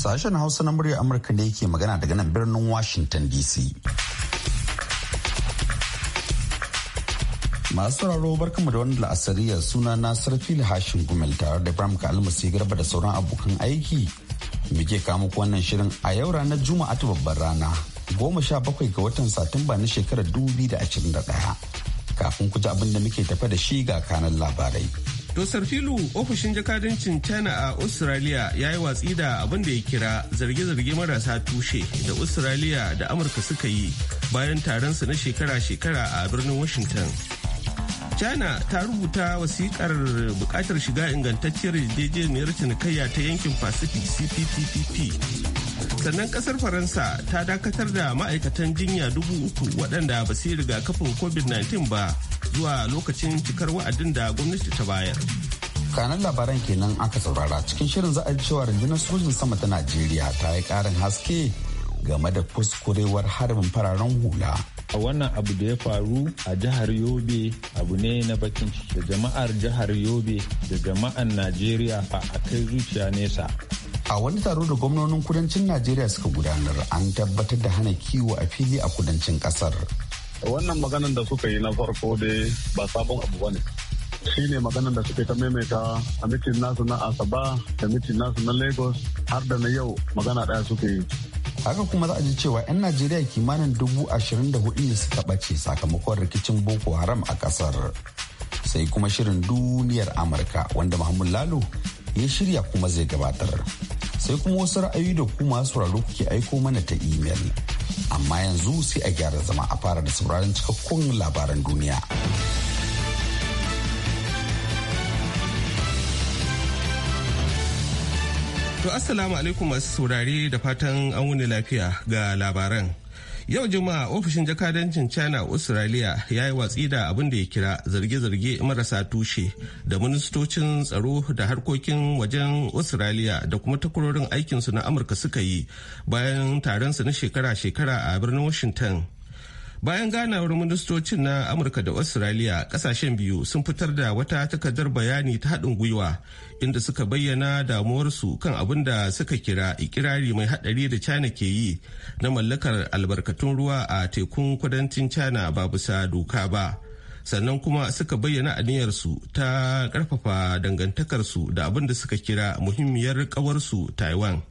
Sashen Hausa na muryar Amurka ne ke magana daga nan birnin Washington DC. Masu sauraro barkamu da wani la'asari ya suna na Sarfil Hashin Gumel tare da Ibrahim Kalmasi Garba da sauran abokan aiki. Muke kamo wannan shirin a yau ranar Juma'a ta babbar rana goma sha bakwai ga watan Satumba na shekarar dubi da ashirin da ɗaya. Kafin ku ji abin da muke tafa da shi ga kanan labarai. To Sarfilu ofishin jakadancin China a Australia ya yi watsi da abin da ya kira zarge-zarge marasa tushe da Australia da Amurka suka yi bayan taron su na shekara-shekara a birnin Washington. China ta rubuta wasikar bukatar shiga ingantacciyar yarjejeniyar cinikayya ta yankin Pacific CPTPP. Sannan kasar Faransa ta dakatar da ma'aikatan jinya dubu uku waɗanda ba su yi rigakafin COVID-19 ba zuwa lokacin cikar wa'adin da gwamnati ta bayar. kanan labaran kenan aka saurara cikin shirin za a cewa rundunar sojin sama ta najeriya ta yi karin haske game da kuskurewar harbin fararen hula a wannan abu da ya faru a jihar yobe abu ne na bakin da jama'ar jihar yobe da jama'ar najeriya a kai zuciya nesa a wani taro da gwamnonin kudancin najeriya suka gudanar an tabbatar da hana kiwo a fili a kudancin kasar wannan maganan da suka yi na farko dai ba sabon abu ba ne shi ne maganan da suka ta maimaita a mitin nasu na asaba da mitin nasu na lagos har da na yau magana ɗaya suka yi haka kuma za a ji cewa 'yan najeriya kimanin dubu ashirin da hudu ne suka ɓace sakamakon rikicin boko haram a ƙasar sai kuma shirin duniyar amurka wanda mahmud lalo ya shirya kuma zai gabatar sai kuma wasu ra'ayi da kuma sauraro kuke aiko mana ta imel. amma yanzu sai a gyara zama a fara da sauraron cikakkun labaran duniya. To Assalamu alaikum masu saurare da fatan an wuni lafiya ga labaran. yau juma'a ofishin jakadancin china australia ya yi watsi da abin da ya kira zarge-zarge marasa tushe da ministocin tsaro da harkokin wajen australia da kuma takwarorin aikinsu na amurka suka yi bayan taron su na shekara-shekara a birnin washington bayan ganawar ministocin na amurka da australia kasashen biyu sun fitar da wata takardar bayani ta haɗin gwiwa inda suka bayyana damuwarsu kan abin da suka kira ikirari mai haɗari da china ke yi na mallakar albarkatun ruwa a tekun kudancin china ba bisa doka ba sannan kuma suka bayyana aniyarsu ta ƙarfafa dangantakarsu da abin da suka kira muhimmiyar ƙawarsu taiwan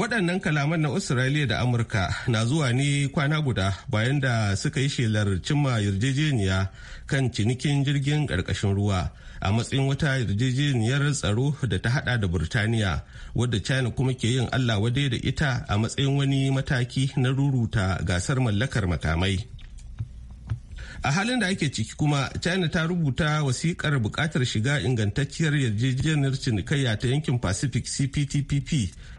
waɗannan kalaman na australia da amurka na zuwa ne kwana guda bayan da suka yi shelar cimma yarjejeniya kan cinikin jirgin ƙarƙashin ruwa a matsayin wata yarjejeniyar tsaro da ta hada da burtaniya wadda china kuma ke yin allah wadai da ita a matsayin wani mataki na ruruta gasar mallakar makamai a halin da ake ciki kuma china ta rubuta wasikar bukatar shiga ingantacciyar yarjejeniyar cinikayya ta yankin pacific cptpp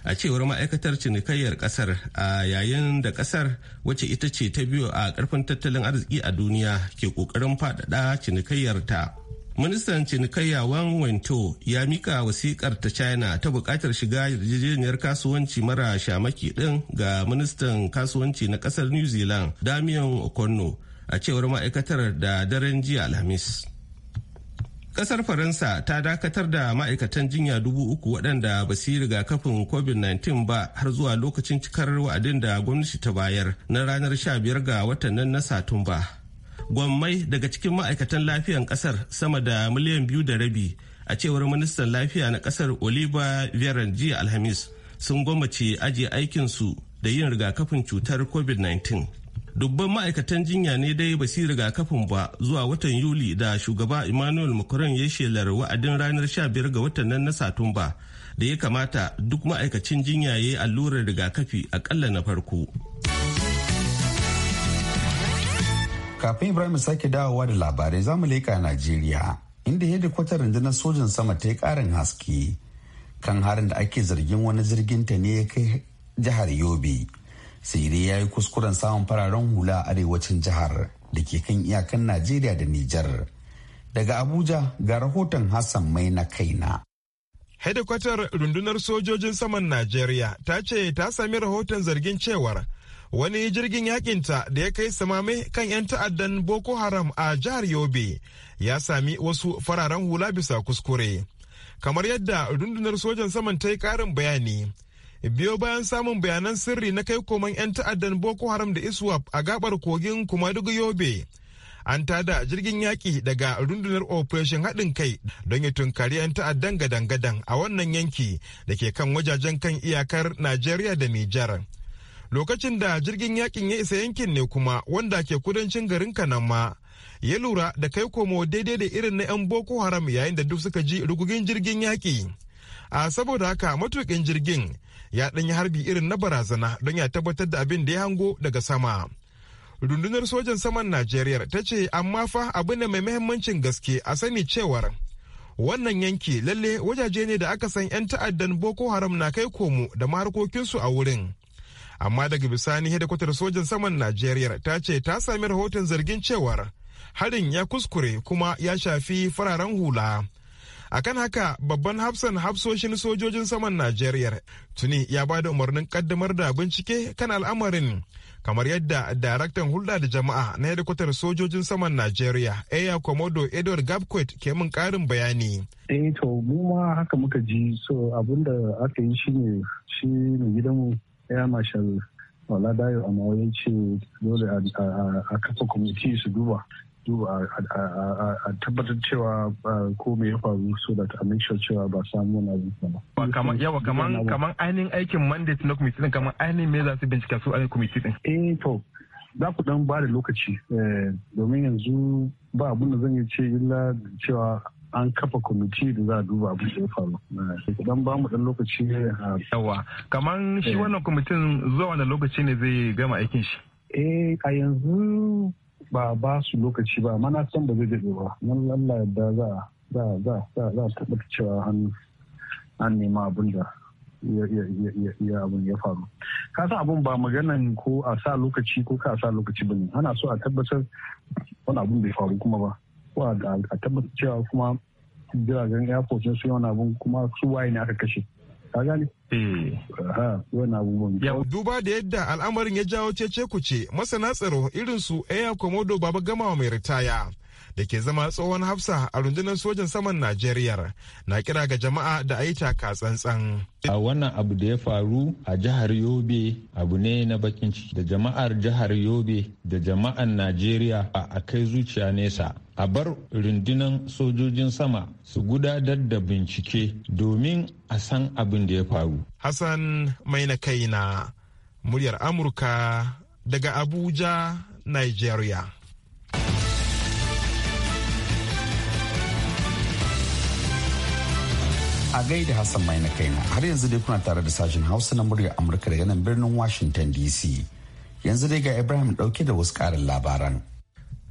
a cewar ma'aikatar cinikayyar kasar a yayin da kasar wacce ita ce ta biyu a karfin tattalin arziki a duniya ke kokarin faɗaɗa cinikayyar ta ministan cinikayya wang wento ya mika wasikar ta china ta bukatar shiga yarjejeniyar kasuwanci mara shamaki din ga ministan kasuwanci na kasar new zealand damian okonno a cewar ma'aikatar da daren jiya alhamis kasar faransa ta dakatar da ma'aikatan jinya dubu uku waɗanda ba su yi rigakafin covid-19 ba har zuwa lokacin cikar wa'adin da gwamnati ta bayar na ranar 15 ga watan nan na satumba gwammai daga cikin ma'aikatan lafiyan kasar sama da miliyan biyu da rabi a cewar ministan lafiya na kasar oliva veran jiya alhamis sun gwamnati ajiye aikinsu da yin rigakafin cutar covid-19 dubban ma'aikatan jinya ne dai ba su rigakafin ba zuwa watan yuli da shugaba emmanuel macron ya shelar wa'adin ranar 15 ga watan nan na satumba da ya kamata duk ma'aikacin jinya ya yi allurar rigakafi akalla na farko kafin ibrahim sake dawowa da labarai za zamu leka najeriya inda hedikwatar rundunar sojan sama ta yi karin haske kan harin da ake zargin wani jirgin ta ne ya kai jihar yobe sai dai ya yi kuskuren samun fararen hula a arewacin jihar da ke kan iyakan najeriya da nijar daga abuja ga rahoton hassan mai na kaina hedikwatar rundunar sojojin saman najeriya ta ce ta sami rahoton zargin cewar wani jirgin yakinta da ya kai samame kan 'yan ta'addan boko haram a jihar yobe ya sami wasu fararen hula bisa kuskure kamar yadda rundunar sojan saman ta yi karin bayani biyo bayan samun bayanan sirri na kai koman 'yan ta'addan boko haram da iswap a gabar kogin kumadugu yobe an tada jirgin yaƙi daga rundunar operation haɗin kai don ya tunkari 'yan ta'addan gadan-gadan a wannan yanki da ke kan wajajen kan iyakar najeriya da nijar lokacin da jirgin yaƙin ya isa yankin ne kuma wanda ke kudancin garin kanama ya lura da kai komo daidai da irin na 'yan boko haram yayin da duk suka ji rugugin jirgin yaƙi a saboda haka matukin jirgin ya ɗanyi harbi irin na barazana don ya tabbatar da abin da ya hango daga sama rundunar sojan saman najeriya ta ce amma fa abu ne mai mahimmancin gaske a sani cewar wannan yanki lalle wajaje ne da aka san 'yan ta'addan boko haram na kai komo da maharkokinsu a wurin amma daga bisani hedikwatar sojan saman najeriya ta ce ta sami rahoton zargin cewar harin ya kuskure kuma ya shafi fararen hula a kan haka babban hafsan hafsoshin sojojin saman najeriya tuni ya ba da umarnin kaddamar da bincike kan al'amarin kamar yadda daraktan hulɗa da jama'a na hedikwatar sojojin saman najeriya eya komodo edward gabquet ke min karin bayani eh to mu ma haka muka ji so abinda aka yi shine shi mai gidanmu air marshal Wala Dayo ya ce dole a kafa kwamiti su duba duba a tabbatar cewa ko me ya faru so that a make sure cewa ba samu wani abu ba. Yawa kaman kamar ainihin aikin mandate na kwamiti din kaman ainihin me za su bincika su ainihin kwamiti din. Eh to za ku dan ba da lokaci eh, domin yanzu ba abun da zan yi ce illa cewa an kafa kwamiti da za a duba abin da ya faru eh, Dan ba mu dan lokaci eh, yawa kamar shi wannan kwamitin zuwa wani lokaci ne zai gama aikin shi eh a yanzu ba ba su lokaci ba mana san ba zai daɗe ba nan Allah yadda za za za za za cewa an an nema abin da ya abin ya faru ka san abin ba maganan ko a sa lokaci ko ka sa lokaci ba ne ana so a tabbatar wani abin bai faru kuma ba ko a tabbatar cewa kuma jiragen airport sun yi wani abin kuma su waye ne aka kashe ka eh. duba da yadda al'amarin ya jawo cece ce, masana tsaro irin su Eya Komodo Baba wa mai ritaya da ke zama tsohon hafsa a rundunar sojan saman Najeriya na kira ga jama'a da a ka tsantsan. A wannan abu da ya faru a jihar Yobe abu ne na bakin ciki da jama'ar jihar Yobe da jama'ar Najeriya a kai zuciya nesa. a bar rundunan sojojin sama su gudanar da bincike domin a san abin da ya faru. Hassan maina na muryar Amurka daga Abuja, Nigeria. a gaida Hassan mai kaina har yanzu dai kuna tare da sashen Hausa na muryar Amurka daga nan birnin Washington DC. Yanzu dai ga Ibrahim dauke da wasu karin labaran.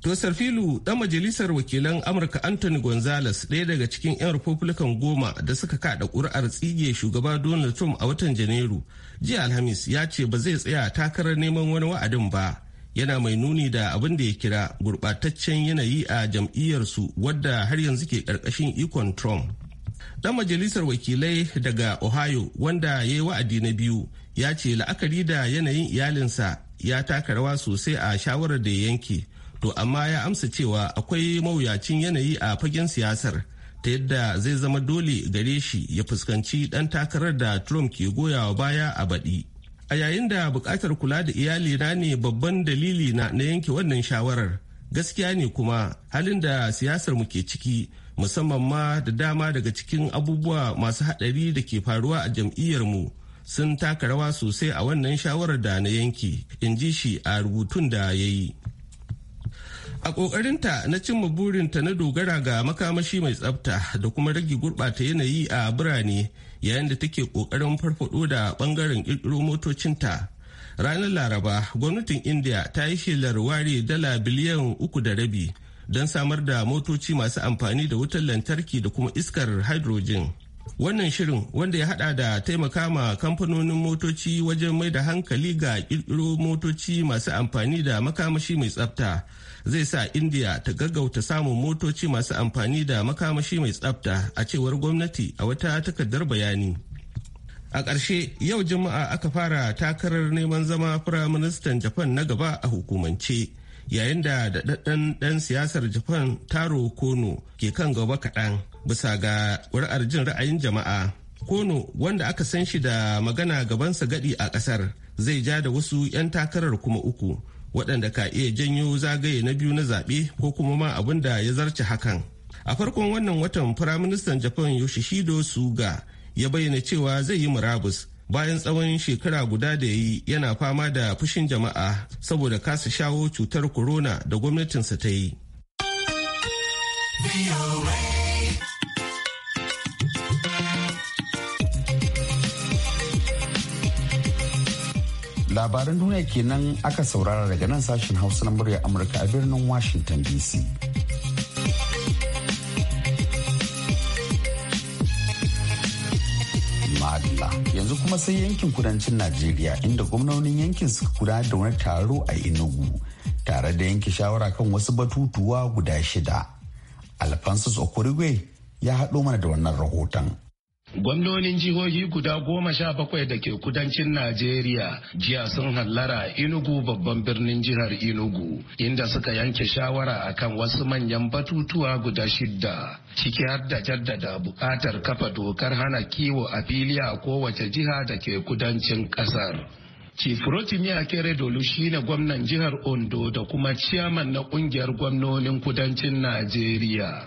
To Sarfilu ɗan majalisar wakilan Amurka Anthony Gonzalez ɗaya daga cikin 'yan Republican goma da suka kaɗa ƙuri'ar tsige shugaba Donald Trump a watan Janairu. Jiya Alhamis ya ce ba zai tsaya takarar neman wani wa'adin ba. Yana mai nuni da abin da ya kira gurɓataccen yanayi a jam'iyyarsu wadda har yanzu ke ƙarƙashin ikon Trump. dan majalisar wakilai daga Ohio wanda ya yi wa'adi na biyu ya ce la'akari da yanayin iyalinsa ya taka rawa sosai a shawarar da ya yanke. to amma ya amsa cewa akwai mawuyacin yanayi a fagen siyasar ta yadda zai zama dole gare shi ya fuskanci dan takarar da trump ke goyawa baya a baɗi a yayin da buƙatar kula da iyali na ne babban dalili na na yanke wannan shawarar gaskiya ne kuma halin da siyasar mu ke ciki musamman ma da dama daga cikin abubuwa masu haɗari da ke faruwa a jam'iyyar mu sun taka rawa sosai a wannan shawarar da na yanke in ji shi a rubutun da ya yi a ƙoƙarinta na cimma burinta na dogara ga makamashi mai tsafta da kuma rage gurɓata yanayi a birane yayin da take ƙoƙarin farfaɗo da ɓangaren ƙirƙiro motocinta ranar laraba gwamnatin india ta yi shelar ware dala biliyan uku da rabi don samar da motoci masu amfani da wutar lantarki da kuma iskar hydrogen wannan shirin wanda ya hada da taimaka ma kamfanonin motoci wajen mai da hankali ga ƙirƙiro motoci masu amfani da makamashi mai tsafta zai sa india ta gaggauta samun motoci masu amfani da makamashi mai tsafta a cewar gwamnati a wata takardar bayani a ƙarshe yau juma'a aka fara takarar neman zama firaministan japan na gaba a hukumance yayin da daɗaɗɗen ɗan siyasar japan taro kono ke kan gaba kaɗan bisa ga ƙuri'ar jin ra'ayin jama'a kono wanda aka san shi da magana gabansa gaɗi a ƙasar zai ja da wasu 'yan takarar kuma uku waɗanda ka iya janyo zagaye na biyu na zaɓe ko kuma ma abin da ya zarce hakan a farkon wannan watan firaministan japan Yoshihido suga ya bayyana cewa zai yi murabus bayan tsawon shekara guda da ya yi yana fama da fushin jama'a saboda kasa shawo cutar corona da gwamnatinsa ta yi. labaran duniya kenan aka saurara daga nan sashen hausa na murya amurka a birnin washington dc yanzu kuma sai yankin kudancin najeriya inda gwamnonin yankin suka gudanar da wani taro a inugu tare da yanke shawara kan wasu batutuwa guda shida alfansus okorigwe ya haɗo mana da wannan rahoton Gwamnonin jihohi guda goma sha bakwai da ke kudancin Najeriya jiya sun hallara Inugu babban birnin jihar Inugu inda suka yanke shawara akan wasu manyan batutuwa guda shidda ciki har da jaddada bukatar kafa dokar hana kiwo a fili a kowace jiha da ke kudancin kasar. Chief Rotimi Dolu shine gwamnan jihar Ondo da kuma ciyaman na kungiyar gwamnonin kudancin Najeriya.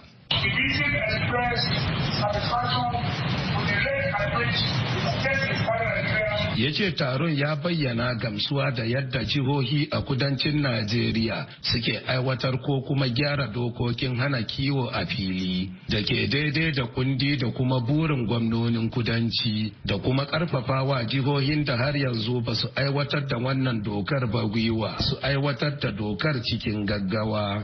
ya ce taron ya bayyana gamsuwa da yadda jihohi a kudancin najeriya suke aiwatar ko kuma gyara dokokin hana kiwo a fili da ke daidai da kundi da kuma burin gwamnonin kudanci da kuma karfafawa jihohin da har yanzu ba su aiwatar da wannan dokar ba gwiwa su aiwatar da dokar cikin gaggawa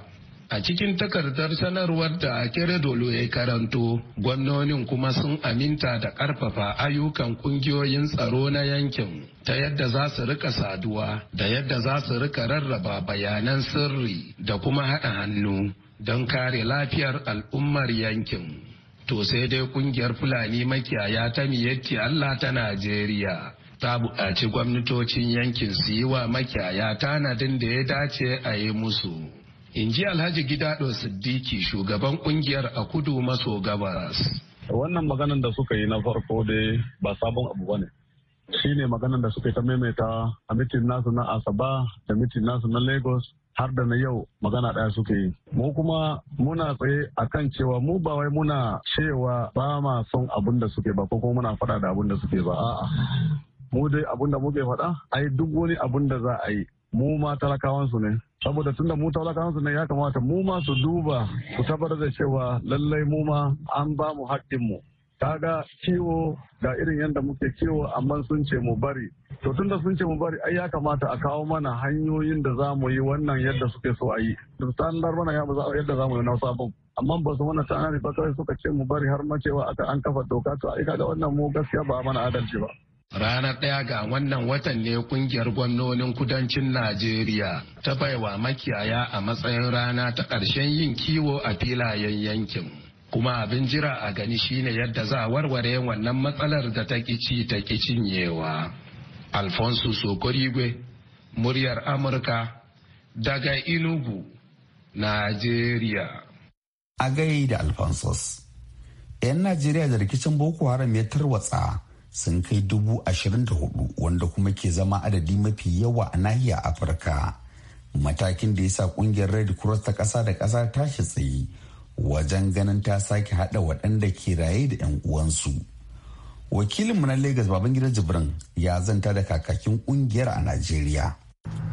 A cikin takardar sanarwar da dolo ya karanto, gwamnonin kuma sun aminta da ƙarfafa ayyukan ƙungiyoyin tsaro na yankin ta yadda za su rika saduwa da yadda za su rika rarraba bayanan sirri da kuma haɗa hannu don kare lafiyar al'ummar yankin. To sai dai ƙungiyar Fulani makiyaya ta miyatti Allah ta Najeriya. ta buƙaci gwamnatocin yankin su yi wa makiyaya tanadin da ya dace a yi musu. in ji alhaji gidado siddiki shugaban kungiyar a kudu maso gabas wannan maganan da suka yi na farko dai ba sabon abu ne. shi ne maganan da suka yi ta maimaita a mitin nasu na asaba da mitin nasu na lagos har da na yau magana ɗaya suke yi. Mu kuma muna tsaye a kan cewa mu ba wai muna cewa ba ma son abun da suke ba ko kuma muna faɗa da abun da suke ba a'a. Mu dai abun da muke faɗa ai duk wani abun da za a yi mu ma talakawan su ne saboda tunda mu talakawan su ne ya kamata mu ma su duba su tabbatar da cewa lallai mu ma an ba mu haƙƙin mu kaga kiwo da irin yadda muke kiwo amma sun ce mu bari to tunda sun ce mu bari ai ya kamata a kawo mana hanyoyin da za mu yi wannan yadda suke so a yi da standar mana yadda za mu yi na sabon amma ba su mana tsanani ba kawai suka ce mu bari har ma cewa aka an kafa doka to ai kaga wannan mu gaskiya ba mana adalci ba Ranar ɗaya ga wannan watan ne kungiyar gwamnonin kudancin Najeriya ta baiwa makiyaya a matsayin rana ta ƙarshen yin kiwo a filayen yankin. Kuma abin jira a gani shine yadda za a warware wannan matsalar da ta ƙici ta cinyewa. Alfonso Sokorigwe, muryar Amurka, daga Inugu, Najeriya. A gai da Alfonso, 'Yan Najeriya da rikicin Boko Haram ya tarwatsa sun kai dubu ashirin da hudu wanda kuma ke zama adadi mafi yawa a nahiyar afirka matakin da ya sa kungiyar red cross ta kasa da kasa tashi tsaye wajen ganin ta sake hada waɗanda ke raye da 'yan uwansu wakilinmu na lagos babangida jibrin ya zanta da kakakin kungiyar a najeriya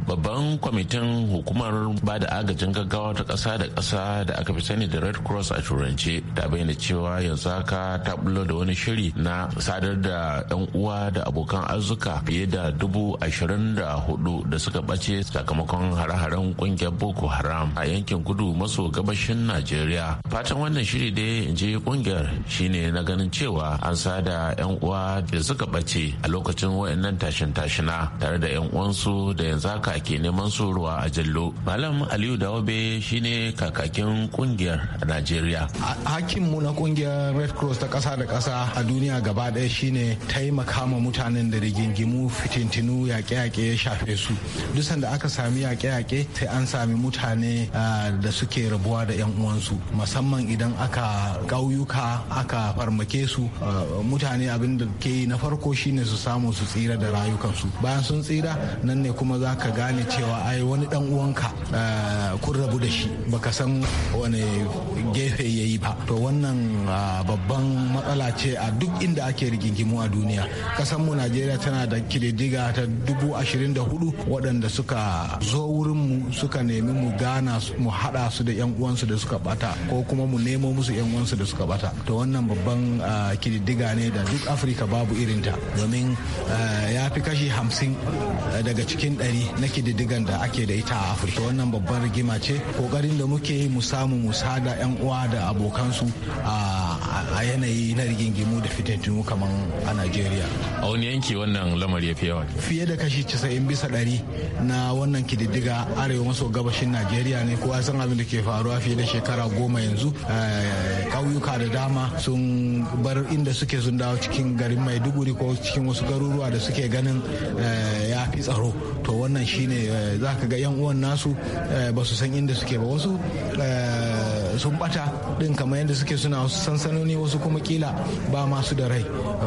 babban kwamitin hukumar ba da agajin gaggawa ta ƙasa da ƙasa da aka fi sani da red cross a turance ta bayyana cewa yanzu haka ta bulo da wani shiri na sadar da 'yan uwa da abokan arzuka fiye da dubu ashirin da hudu da suka bace sakamakon hare-haren ƙungiyar boko haram a yankin kudu maso gabashin najeriya fatan wannan shiri dai in je kungiyar shine na ganin cewa an sada 'yan uwa da suka bace a lokacin wayannan tashin-tashina tare da 'yan uwansu da yanzu haka haka neman su ruwa a jallo malam aliyu dawobe shine kakakin kungiyar a najeriya hakin mu na kungiyar red cross ta kasa da kasa a duniya gaba ɗaya shine taimaka ma mutanen da rigingimu fitintinu yaƙe-yaƙe ya shafe su duk sanda aka sami yaƙe-yaƙe sai an sami mutane da suke rabuwa da 'yan uwansu musamman idan aka ƙauyuka aka farmake su mutane abin da yi na farko shine su samu su tsira da rayukansu bayan sun tsira nan ne kuma za ka ga gane cewa ai wani dan uwanka eh, kun rabu da shi baka san wani gefe ya yi ba to wannan ah, babban matsala ce a duk inda ake rigingimu a duniya mu najeriya tana da kididdiga ta dubu ashirin da hudu waɗanda suka zo wurinmu suka nemi mu gana mu haɗa su da yan uwansu da suka bata ko kuma mu nemo musu yan uwansu da suka bata to wannan babban ah, kididdiga ne da duk afirka babu irinta domin eh, ya fi kashi hamsin eh, daga cikin ɗari na kididdigan da ake da ita a afirka wannan babbar rigima ce kokarin da muke yi mu samu mu sada yan uwa da abokansu a yanayi na rigingimu da fitintunu kamar a najeriya a wani yanki wannan lamari ya fi yawa fiye da kashi casa'in bisa ɗari na wannan kididdiga arewa maso gabashin najeriya ne kowa san abin da ke faruwa fiye da shekara goma yanzu eh, ƙauyuka da dama sun bar inda suke sun dawo cikin garin maiduguri ko cikin wasu garuruwa da suke ganin eh, ya fi tsaro to wannan shi shine eh, za ka ga yan uwan nasu eh, ba su san inda suke ba wasu eh, sun bata din kamar yadda suke suna sansanoni wasu kuma kila ba masu da rai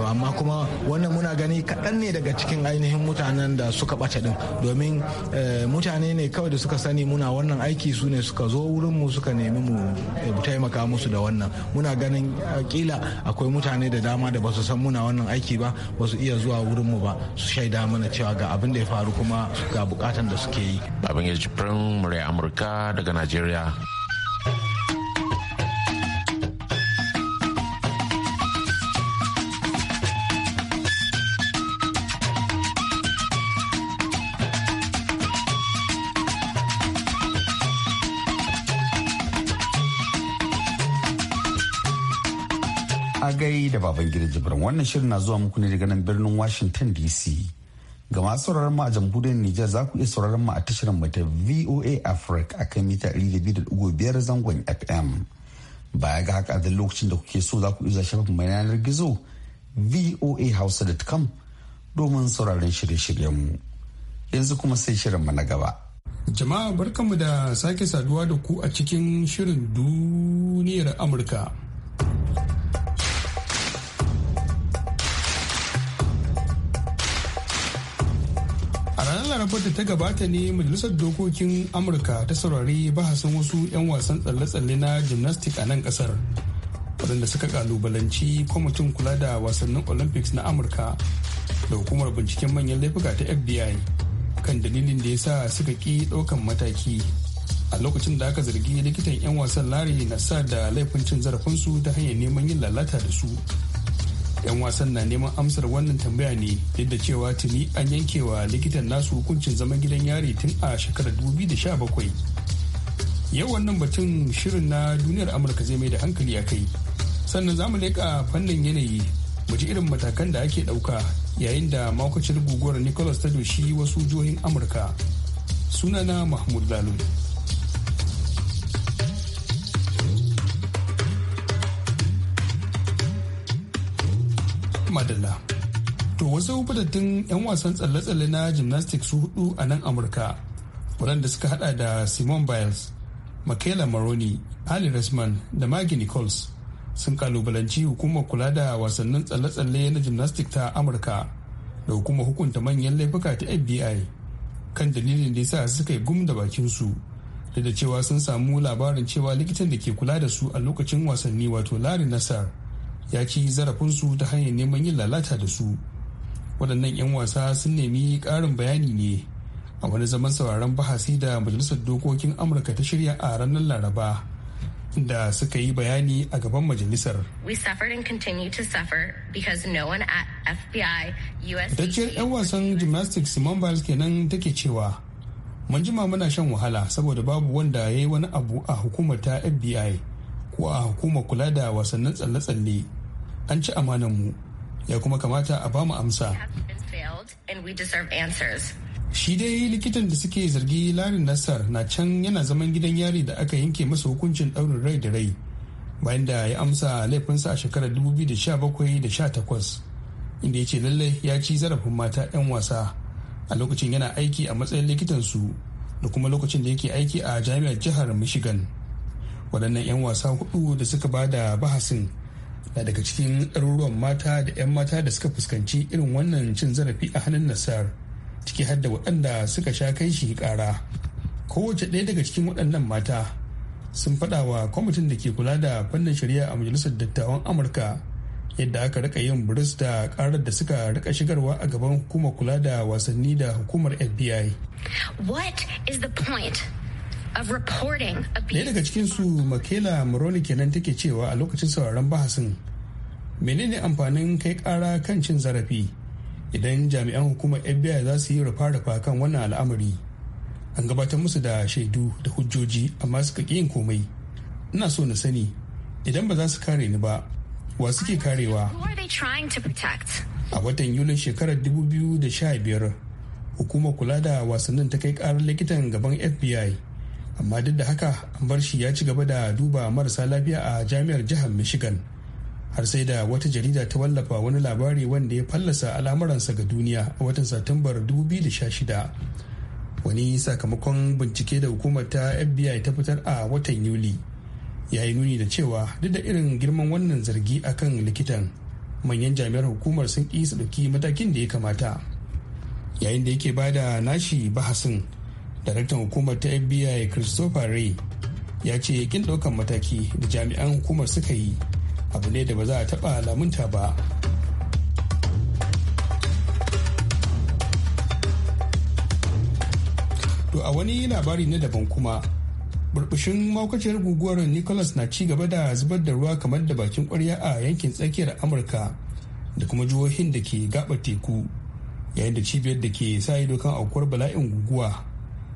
amma kuma wannan muna gani kaɗan ne daga cikin ainihin mutanen da suka bata din domin eh, mutane ne kawai da suka sani muna wannan aiki su ne suka zo wurin mu suka nemi mu eh, taimaka musu da wannan muna ganin eh, kila akwai mutane da dama da basu san muna wannan aiki ba basu iya zuwa wurin mu ba su shaida mana cewa ga abin da ya faru kuma ga bukatan da suke yi. Babin ya jibrin murai Amurka daga Najeriya. agai da baban gida jibrin wannan shirin na zuwa muku ne daga nan birnin Washington DC. Ga masu sauraron mu a jamhuriyar Nijar za ku iya sauraron mu a tashar mu ta VOA Africa a kan mita 200.5 zangon FM. Baya ga haka a lokacin da kuke so za ku iya shafin mai yanar gizo voa voahausa.com domin sauraron shirye shiryen mu Yanzu kuma sai shirin mu na gaba. Jama'a barkanmu da sake saduwa da ku a cikin shirin duniyar Amurka. larabar da ta gabata ne majalisar dokokin amurka ta saurari bahasin wasu 'yan wasan tsalle-tsalle na gymnastics a nan kasar waɗanda suka kalubalanci kwamitin kula da wasannin olympics na amurka da hukumar binciken manyan laifuka ta fbi kan dalilin da ya sa suka ƙi ɗaukan mataki a lokacin da aka zargi likitan 'yan wasan lari na sa da laifin cin zarafinsu ta hanyar neman yin lalata da su 'yan wasan na neman amsar wannan tambaya ne duk da cewa tuni an yankewa likitan nasu hukuncin zaman gidan yari tun a shekarar 2017 yau wannan batun shirin na duniyar amurka zai mai da hankali a kai sannan za mu leƙa fannin yanayi mu ji irin matakan da ake ɗauka yayin da makwacin guguwar nicholas ta doshi wasu jihohin amurka sunana mahmud lalu madalla to wasu fitattun 'yan wasan tsalle-tsalle na gymnastics su hudu a nan amurka waɗanda suka hada da simon biles michaela maroney ali resman da maggie nichols sun kalubalanci hukumar kula da wasannin tsalle-tsalle na gymnastics ta amurka da hukumar hukunta manyan laifuka ta fbi kan dalilin da yasa suka yi gum da bakin su da cewa sun samu labarin cewa likitan da ke kula da su a lokacin wasanni wato larry nassar ya ci zarafinsu ta hanyar neman yin lalata da su waɗannan 'yan wasa sun nemi ƙarin bayani ne a wani zaman sauraron bahasi da majalisar dokokin amurka ta shirya a ranar laraba da suka yi bayani a gaban majalisar. Fitacciyar 'yan wasan gymnastics Simon Biles kenan take cewa, mun jima muna shan wahala saboda babu wanda ya yi wani abu a hukumar ta FBI ko a hukumar kula da wasannin tsalle-tsalle. an ci mu ya kuma kamata a bamu amsa shi dai likitan da suke zargi larin nasar na can yana zaman gidan yari da aka yanke masa hukuncin daurin rai da rai bayan da ya amsa laifinsa a shekarar 2017 da 18 inda ya ce lallai ya ci zarafin mata 'yan wasa a lokacin yana aiki a matsayin likitansu da kuma lokacin da yake aiki a jami'ar jihar michigan waɗannan 'yan wasa hudu da suka ba da bahasin na daga cikin ɗaruruwan mata da 'yan mata da suka fuskanci irin wannan cin zarafi a hannun nasar ciki har da waɗanda suka sha kai shi ƙara kowace ɗaya daga cikin waɗannan mata sun faɗa wa kwamitin da ke kula da fannin shari'a a majalisar dattawan amurka yadda aka rika yin buris da karar da suka rika shigarwa a gaban hukumar kula da wasanni da hukumar fbi what is the point of reporting Ɗaya daga cikin su Makela Moroni kenan take cewa a lokacin sauraron bahasin menene amfanin kai kara kan cin zarafi idan jami'an hukumar FBI za su yi rufa-rufa kan wannan al'amari. An gabatar musu da shaidu da hujjoji amma suka ƙi yin komai. Ina so na sani idan ba za su kare ni ba wa suke karewa. A watan Yulin shekarar 2015 hukumar kula da wasannin ta kai karar likitan gaban FBI amma duk da haka an bar shi ya ci gaba da duba marasa lafiya a jami'ar jihar michigan har sai da wata jarida ta wallafa wani labari wanda ya fallasa al'amuransa ga duniya a watan satumbar 2016 wani sakamakon bincike da hukumar ta fbi ta fitar a watan yuli ya yi nuni da cewa duk da irin girman wannan zargi akan likitan manyan jami'ar hukumar sun ƙi su matakin da ya kamata yayin da yake bada nashi bahasin daraktan hukumar ta fbi christopher ray ya ce kin ɗaukan mataki da jami'an hukumar suka yi abu ne da ba za a taɓa lamunta ba to a wani labari na daban kuma burbushin maukaciyar guguwar nicholas na ci gaba da zubar da ruwa kamar da bakin kwarya a yankin tsakiyar amurka da kuma jihohin da ke gaba teku yayin da cibiyar da ke sa ido kan aukuwar bala'in guguwa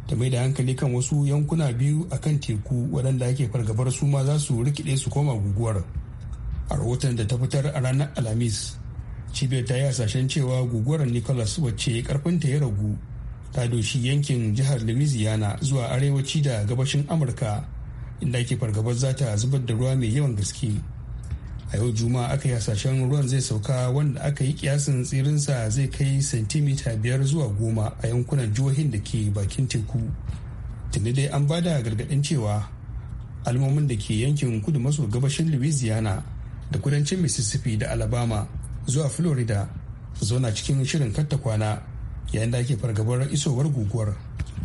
ta mai da hankali kan wasu yankuna biyu a kan teku waɗanda ake fargabar su ma za su rikide su koma guguwar a rahoton da ta fitar a ranar alhamis cibiyar ta yi hasashen cewa guguwar nicholas wacce karfinta ya ragu ta doshi yankin jihar louisiana zuwa arewaci da gabashin amurka inda ake fargabar za ta zubar da ruwa mai yawan gaske a yau juma'a aka yi hasashen ruwan zai sauka wanda aka yi kiyasin tsirinsa zai kai sentimita biyar zuwa goma a yankunan jihohin da ke bakin teku tuni dai an bada gargaɗin cewa almomin da ke yankin kudu maso gabashin louisiana da kudancin mississippi da alabama zuwa florida zauna cikin shirin katta kwana yayin da ake fargabar isowar guguwar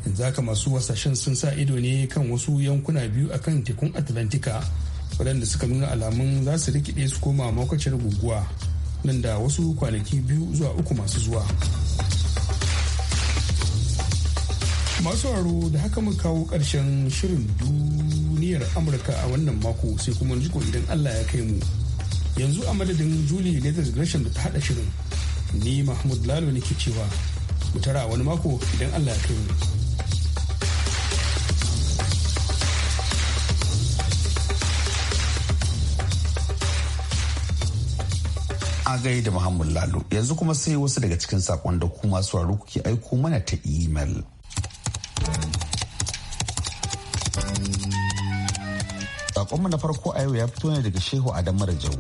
yanzu haka masu wasashen sun sa ido ne kan wasu yankuna biyu akan tekun atlantika waɗanda suka nuna alamun za su rikide su koma makwacin guguwa nan da wasu kwanaki biyu zuwa uku masu zuwa masu haro da haka mun kawo ƙarshen shirin duniyar amurka a wannan mako sai kuma jiko idan allah ya kai mu yanzu a madadin julie leathers gresham da ta hada shirin ni mahmud lalo ne ke cewa mu wani mako idan allah ya kai mu a da Muhammad Lalo yanzu kuma sai wasu daga cikin sakon da ku masu kuke aiko mana ta imel. Sakonmu na farko a yau ya fito ne daga Shehu Adamu jau.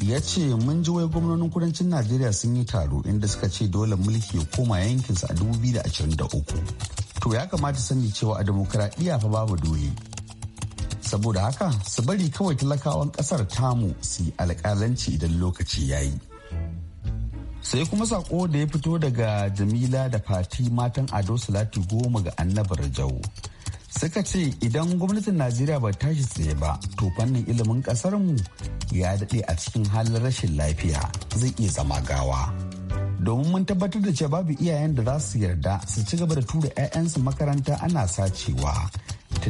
Ya ce mun ji wai gwamnonin kudancin Najeriya sun yi taro inda suka ce dole mulki ya koma yankinsa a 2023. To ya kamata sani cewa a dimokuraɗiyya fa babu dole. saboda haka su bari kawai talakawan kasar tamu su yi alƙalanci idan lokaci ya yi sai kuma sako da ya fito daga jamila da fati matan ado Salatu goma ga annabar jau suka ce idan gwamnatin najeriya ba tashi tsaye ba to fannin ilimin mu ya daɗe a cikin halin rashin lafiya zai iya zama gawa domin mun tabbatar da cewa babu iyayen da za su yarda su ci gaba da tura 'ya'yansu makaranta ana sacewa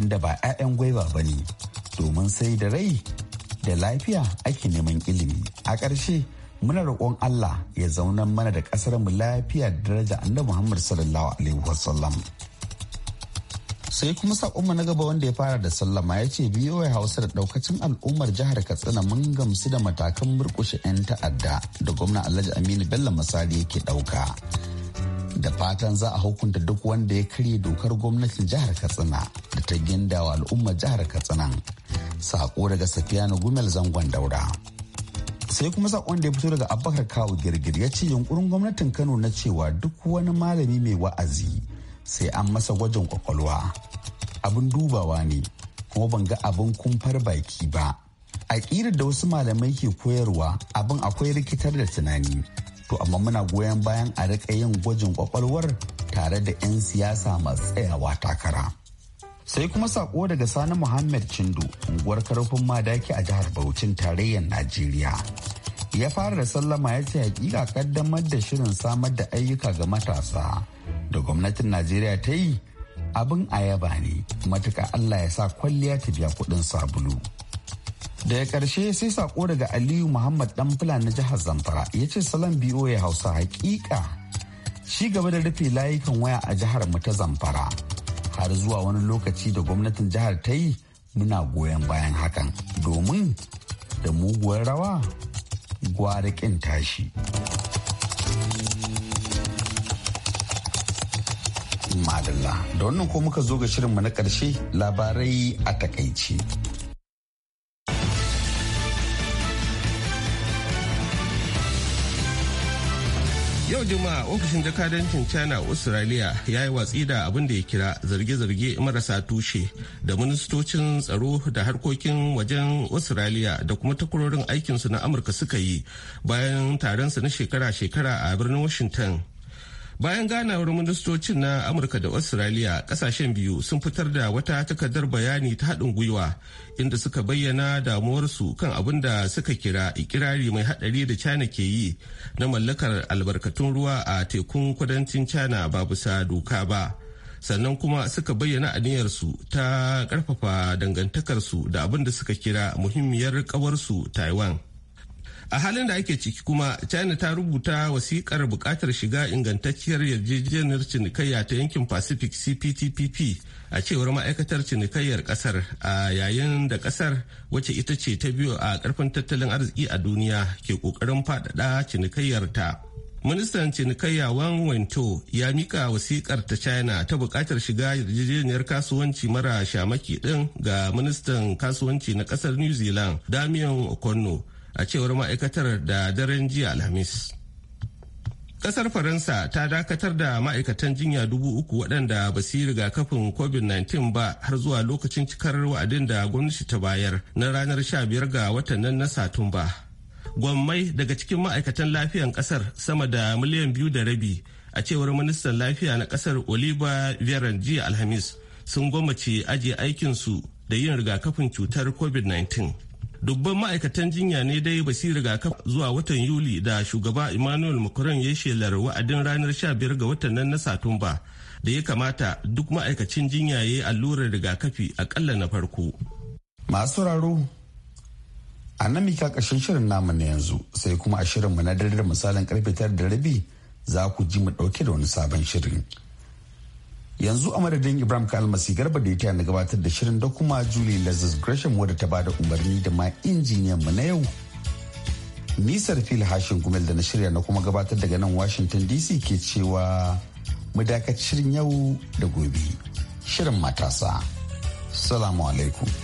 da ba 'ya'yan gwaiba ba ne domin sai da rai da lafiya ake neman ilimi a ƙarshe muna roƙon Allah ya zauna mana da ƙasar mu lafiya da daraja annabi Muhammad sallallahu alaihi wasallam sai kuma sakonmu na gaba wanda ya fara da sallama ya ce biyo ya hausa da daukacin al'ummar jihar katsina mun gamsu da matakan murƙushe 'yan ta'adda da gwamna alhaji aminu bello masari yake ɗauka. da fatan za a hukunta duk wanda ya karya dokar gwamnatin jihar katsina da ta wa al'ummar jihar katsina sako daga safiyanu gumel zangon daura sai kuma sakon da ya fito daga abubakar Kawu girgir ya ce yunkurin gwamnatin kano na cewa duk wani malami mai wa'azi sai an masa gwajin kwakwalwa abin dubawa ne kuma ban ga abin kumfar baki ba a da wasu malamai ke koyarwa abin akwai rikitar da tunani to amma muna goyon bayan a riƙa yin gwajin kwakwalwar tare da 'yan siyasa masu tsayawa takara sai kuma saƙo daga sani muhammad chindu unguwar karfin madaki a jihar Bauchin tarayyar najeriya ya fara da sallama ya ce hakika kaddamar da shirin samar da ayyuka ga matasa da gwamnatin najeriya ta yi abin ayaba ne matuka allah ya sa kwalliya ta biya kuɗin sabulu daga karshe sai sako daga aliyu muhammad dan na jihar zamfara ya ce salon ya hausa hakika shi gaba da rufe layukan waya a jihar mu ta zamfara har zuwa wani lokaci da gwamnatin jihar ta yi muna goyon bayan hakan domin da muguwar rawa gwara tashi madalla da wannan ko muka zo ga shirinmu na ƙarshe labarai a takaice. yau juma'a ofishin jakadancin china australia ya yi watsi da abin da ya kira zarge-zarge marasa tushe da ministocin tsaro da harkokin wajen australia da kuma takwarorin aikinsu na amurka suka yi bayan taron su na shekara-shekara a birnin washington bayan ganawar ministocin na amurka da australia kasashen biyu sun fitar da wata takardar bayani ta haɗin gwiwa inda suka bayyana damuwarsu kan abin da suka kira ikirari mai haɗari da china ke yi na mallakar albarkatun ruwa a tekun kudancin china ba bisa doka ba sannan kuma suka bayyana aniyarsu ta ƙarfafa dangantakarsu da abin da suka kira muhimmiyar ƙawarsu taiwan a halin da ake ciki kuma china ta rubuta wasikar bukatar shiga ingantacciyar yarjejeniyar cinikayya ta yankin pacific cptpp a cewar ma'aikatar cinikayyar kasar a yayin da kasar wacce ita ce ta biyu a karfin tattalin arziki a duniya ke kokarin faɗaɗa cinikayyar ta ministan cinikayya wang wento ya mika wasikar ta china ta bukatar shiga yarjejeniyar kasuwanci mara shamaki din ga ministan kasuwanci na kasar new zealand damian okonno a cewar ma'aikatar da daren jiya alhamis kasar faransa ta dakatar da ma'aikatan jinya dubu uku waɗanda ba su yi rigakafin covid-19 ba har zuwa lokacin cikar wa'adin da gwamnati ta bayar na ranar sha biyar ga watan nan na satumba gwammai daga cikin ma'aikatan lafiyan kasar sama da miliyan biyu da rabi a cewar ministan lafiya na kasar oliva vieran jiya alhamis sun gwamnati ajiye aikinsu da yin rigakafin cutar covid-19 dubban ma'aikatan jinya ne dai ba su rigakafi zuwa watan yuli da shugaba emmanuel macron ya shelar wa'adin ranar 15 ga watan nan na satumba da ya kamata duk ma'aikacin jinya ya yi allurar rigakafi akalla na farko masu raro a nan mika ƙarshen shirin namu na yanzu sai kuma a shirinmu na dare da misalin karfe tara da rabi za ku ji mu ɗauke da wani sabon shirin yanzu a madadin ibrahim kalmasi garba da ita na gabatar da shirin da kuma julie lazis gresham wadda ta bada umarni da ma injiniyan mu na yau nisar fil hashin gumel da na shirya na kuma gabatar daga nan washington dc ke cewa mu dakaci yau da gobe shirin matasa salamu alaikum